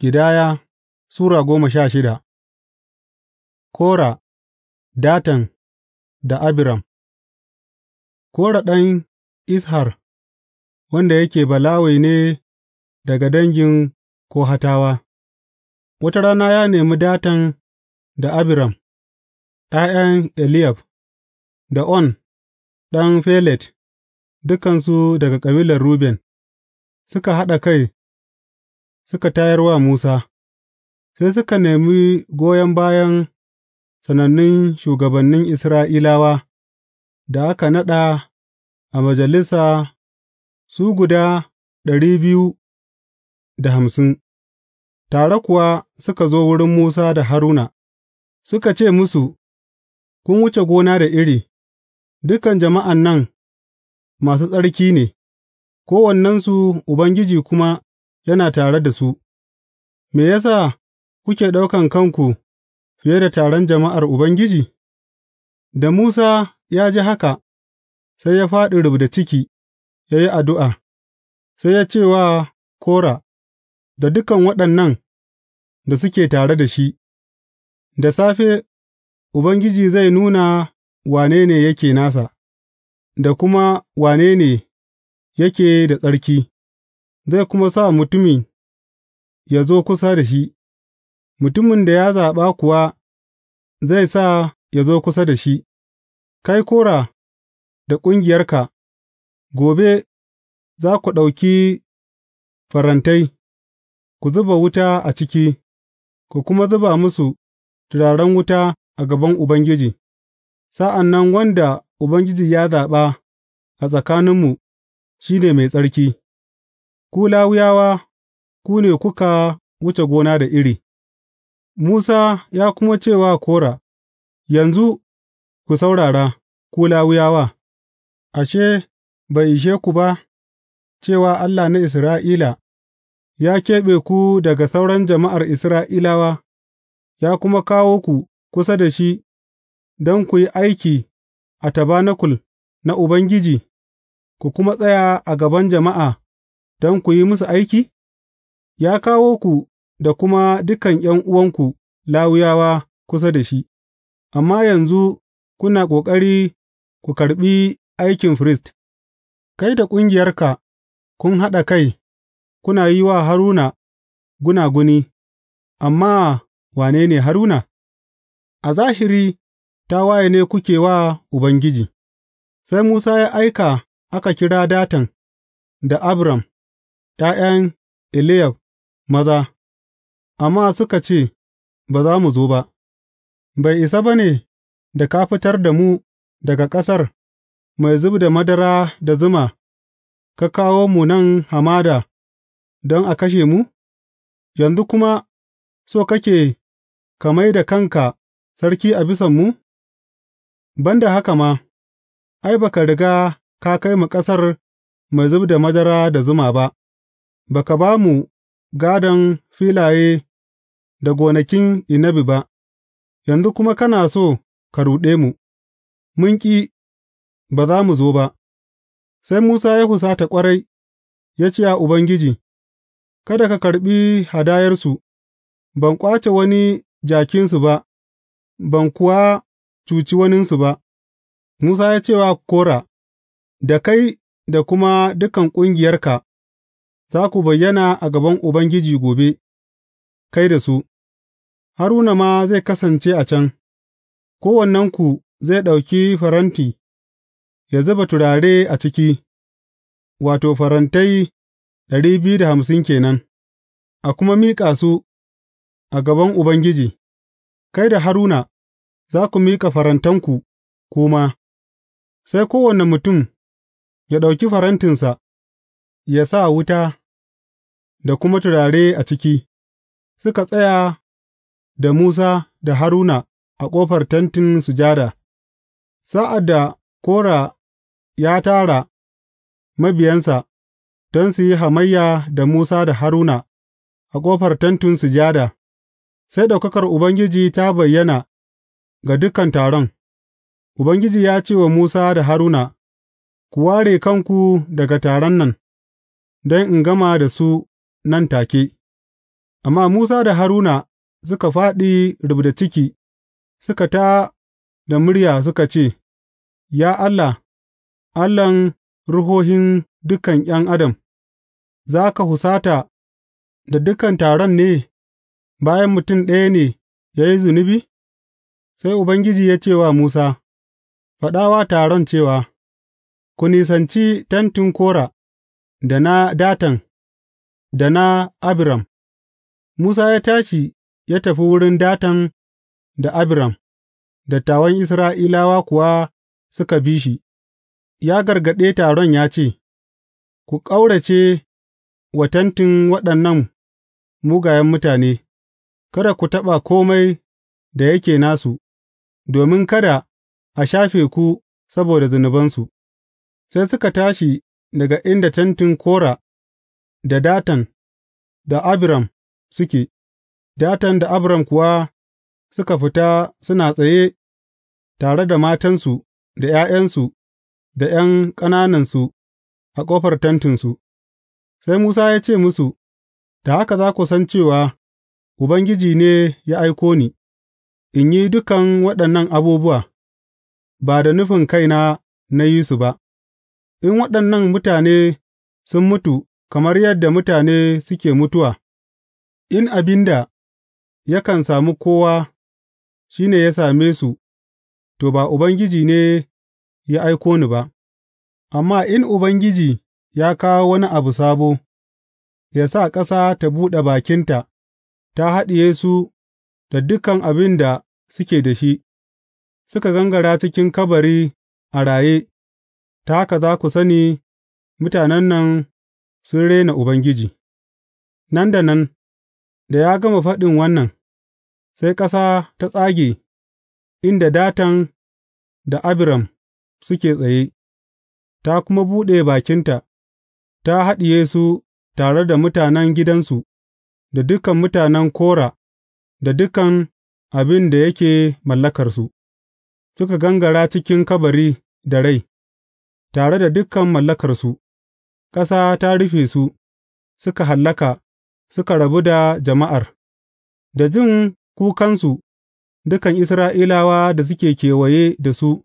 Ƙidaya Sura goma sha shida Kora, Datan da Abiram Kora ɗan Ishar wanda yake Balawe ne daga dangin Kohatawa, wata rana ya nemi Datan da Abiram, ’ya'yan Eliab, da On ɗan Felet, dukansu daga kabilar Ruben, suka haɗa kai. suka tayar wa Musa, sai suka nemi goyon bayan sanannun shugabannin Isra'ilawa da aka naɗa a majalisa su guda ɗari biyu da hamsin, tare kuwa suka zo wurin Musa da Haruna, suka ce musu, Kun wuce gona da iri, dukan jama'an nan masu tsarki ne, kowannensu Ubangiji kuma yana tare da su, Me ya sa kuke ɗaukan kanku fiye da taron jama'ar Ubangiji? Da Musa ya ji haka, sai ya fāɗi rubda ciki, ya yi addu'a, sai ya ce wa Kora, da dukan waɗannan da suke tare da shi, da safe Ubangiji zai nuna wane ne yake nasa, da kuma wane ne yake da tsarki. zai kuma sa mutumin ya zo kusa da shi, mutumin da ya zaɓa kuwa zai sa ya zo kusa da shi, kai Kora da ƙungiyarka, gobe za ku ɗauki farantai, ku zuba wuta a ciki, ku kuma zuba musu turaren wuta a gaban Ubangiji, sa'an nan wanda Ubangiji ya zaɓa a tsakaninmu shi ne mai tsarki. Ku Lawiyawa, ku ne kuka wuce gona da iri Musa ya kuma ce wa Kora, Yanzu ku saurara, ku Lawiyawa, ashe, bai ishe ku ba cewa Allah na Isra'ila ya keɓe ku daga sauran jama'ar Isra'ilawa, ya kuma kawo ku kusa da shi don ku yi aiki a tabanakul na Ubangiji, ku kuma tsaya a gaban jama'a. don ku yi musu aiki? Ya kawo ku da kuma dukan ’yan'uwanku lawuyawa kusa da shi, amma yanzu kuna ƙoƙari ku karɓi aikin firist, kai da ƙungiyarka kun haɗa kai kuna yi wa Haruna gunaguni, amma wane ne Haruna? A zahiri tawaye ne kuke wa Ubangiji. Sai Musa ya aika aka kira Datan da Abiram. ’ya'yan Eliyab maza, amma suka ce, Ba za mu zo ba, bai isa ba ne da ka fitar da mu daga ƙasar mai zub da madara da zuma, ka kawo mu nan hamada don a kashe mu, yanzu kuma so kake ka mai da kanka sarki a bisanmu? Ban da haka ma, ai, ba ka riga ka kai mu ƙasar mai zub da madara da zuma ba. ba ka ba mu gādon filaye da gonakin inabi ba, yanzu kuma kana so ka ruɗe mu, mun ƙi, ba za mu zo ba. Sai Musa ya husata ƙwarai, ya ce wa Ubangiji, Kada ka karɓi hadayarsu, ban ƙwace wani jakinsu ba, ban kuwa cuci waninsu ba. Musa ya ce wa Kora, Da kai da kuma dukan ƙungiyarka Za ku bayyana a gaban Ubangiji gobe, kai da su, Haruna ma zai kasance a can, kowannenku zai ɗauki faranti ya zuba turare a ciki, wato, farantai ɗari biyu da hamsin kenan. a kuma miƙa su a gaban Ubangiji, kai da Haruna za ku miƙa farantanku kuma. sai kowane mutum ya ɗauki farantinsa. Ya sa wuta da kuma turare a ciki, suka tsaya da Musa da Haruna a ƙofar Tentin Sujada, sa'ad da Kora ya tara mabiyansa don su yi hamayya da Musa da Haruna a ƙofar Tentin Sujada, sai ɗaukakar Ubangiji ta bayyana ga dukan taron, Ubangiji ya ce wa Musa da Haruna, Ku ware kanku daga taron nan. don in gama da su nan take, amma Musa da Haruna suka fāɗi rubda ciki, suka tā da murya suka ce, Ya Allah, Allahn ruhohin dukan ’yan adam, za ka husata da dukan taron ne bayan mutum ɗaya ne ya yi zunubi? Sai Ubangiji ya ce wa Musa, faɗawa taron cewa, Ku nisanci tentin Kora, da na Datan, da na Abiram Musa ya tashi ya tafi wurin Datan da Abiram, dattawan Isra'ilawa kuwa suka bi shi, ya gargaɗe taron ya ce, Ku ƙaurace wa tentin waɗannan mugayen mutane, kada ku taɓa komai da yake nasu, domin kada a shafe ku saboda zunubansu, sai suka tashi daga inda tentin Kora da Datan da Abiram suke, Datan da Abiram kuwa suka fita suna tsaye tare da matansu da ’ya'yansu da ’yan ƙananansu a ƙofar tentinsu, sai Musa ya ce musu, Da haka za ku san cewa Ubangiji ne ya aiko ni, in yi dukan waɗannan abubuwa, ba da nufin kaina na yi su ba. In waɗannan mutane sun mutu kamar yadda mutane suke mutuwa, in abin da yakan sami kowa shi ne ya same su, to, ba Ubangiji ne ya aiko ni ba, amma in Ubangiji ya kawo wani abu sabo, ya sa ƙasa ta buɗe bakinta ta haɗiye su da dukan abin da suke da shi, suka gangara cikin kabari a raye. ta haka za ku sani mutanen nan sun rena Ubangiji.’ Nan da nan, da ya gama faɗin wannan, sai ƙasa ta tsage inda Datan da Abiram suke tsaye, ta kuma buɗe bakinta, ta haɗiye su tare da mutanen gidansu, da dukan mutanen Kora, da dukan abin da yake mallakarsu, suka gangara cikin kabari da rai. Tare da dukan mallakarsu, ƙasa ta rufe su, suka hallaka suka rabu da jama'ar, da jin kukansu, dukan Isra'ilawa da suke kewaye da su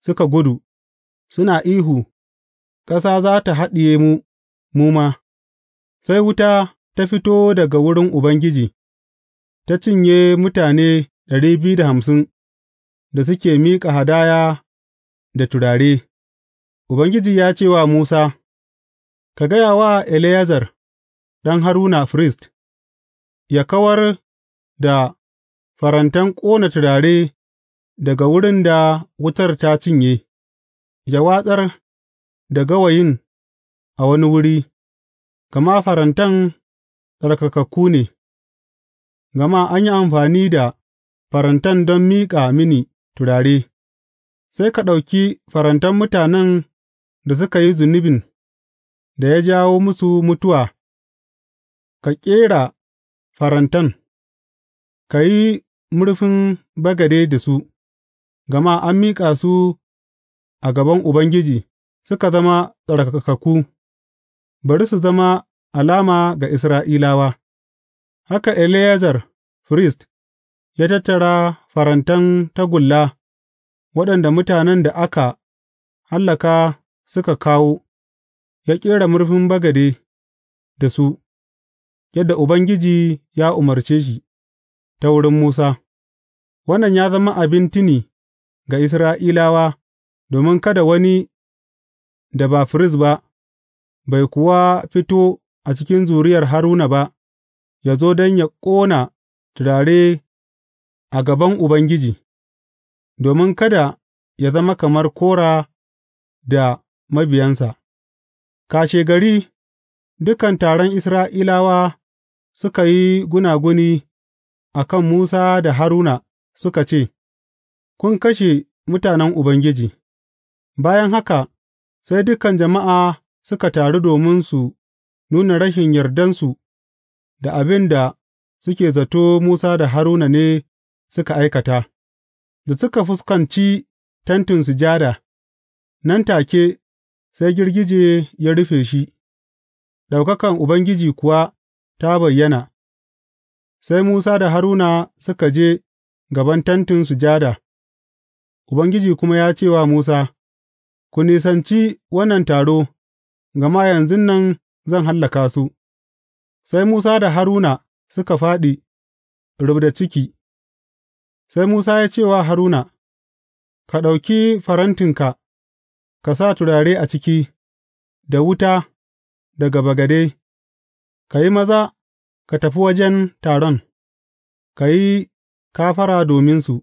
suka gudu, suna ihu, Ƙasa za tă haɗiye mu, mu ma, sai wuta ta fito daga wurin Ubangiji, ta cinye mutane ɗari biyu da hamsin da suke miƙa hadaya da turare. Ubangiji ya ce wa Musa, Ka gaya wa Eleyazar ɗan Haruna firist, Ya kawar da farantan ƙona turare daga wurin da wutar ta cinye, yă watsar da gawayin a wani wuri, gama farantan tsarkakakku ne, gama an yi amfani da farantan don miƙa mini turare, sai ka ɗauki farantan mutanen da suka yi zunubin da ya jawo musu mutuwa, ka ƙera farantan, ka yi murfin bagade da su, gama an miƙa su a gaban Ubangiji suka zama tsarkakakku, bari su zama alama ga Isra'ilawa. Haka Eleyazar firist ya tattara farantan tagulla waɗanda mutanen da aka hallaka suka kawo, ya ƙera murfin bagade da su, yadda Ubangiji ya umarce shi ta wurin Musa, wannan ya zama abin tuni ga Isra'ilawa domin kada wani da ba firist ba, bai kuwa fito a cikin zuriyar Haruna ba, ya zo don ya ƙona turare a gaban Ubangiji, domin kada ya zama kamar Kora da mabiyansa Kashegari, dukan taron Isra'ilawa suka yi gunaguni a kan Musa da Haruna suka ce, Kun kashe mutanen Ubangiji, bayan haka sai dukan jama'a suka taru domin su nuna rashin yardansu da abin da suke zato Musa da Haruna ne suka aikata, da suka fuskanci Tentin Sujada, nan take Sai girgije ya rufe shi, ɗaukakan Ubangiji kuwa ta bayyana, sai Musa da Haruna suka je gaban Tentin Sujada, Ubangiji kuma ya ce wa Musa, Ku nisanci wannan taro, gama yanzu nan zan hallaka su, sai Musa da Haruna suka fāɗi rubda ciki, sai Musa ya ce wa Haruna, Ka ɗauki farantinka. Ka sa turare a ciki, da wuta daga bagade, ka yi maza ka tafi wajen taron, ka yi kafara dominsu,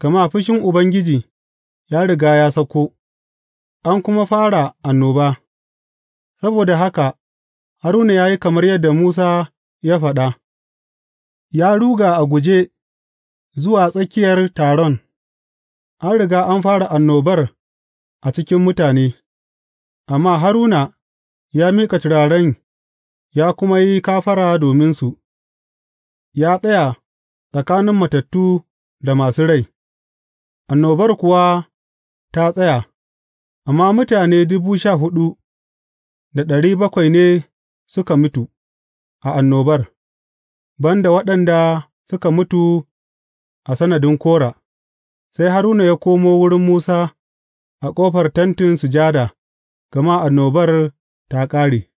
gama fushin Ubangiji ya riga ya sauko, an kuma fara annoba; saboda haka Haruna ya yi kamar yadda Musa ya faɗa, ya ruga a guje zuwa tsakiyar taron, an riga an fara annobar. a cikin mutane, amma Haruna ya miƙa turaren ya kuma yi kafara dominsu, ya tsaya tsakanin matattu da masu rai, annobar kuwa ta tsaya, amma mutane dubu sha hudu da ɗari bakwai ne suka mutu a annobar, ban da waɗanda suka mutu a sanadin Kora, sai Haruna ya komo wurin Musa. a ƙofar Tentin Sujada, gama annobar ta ƙare.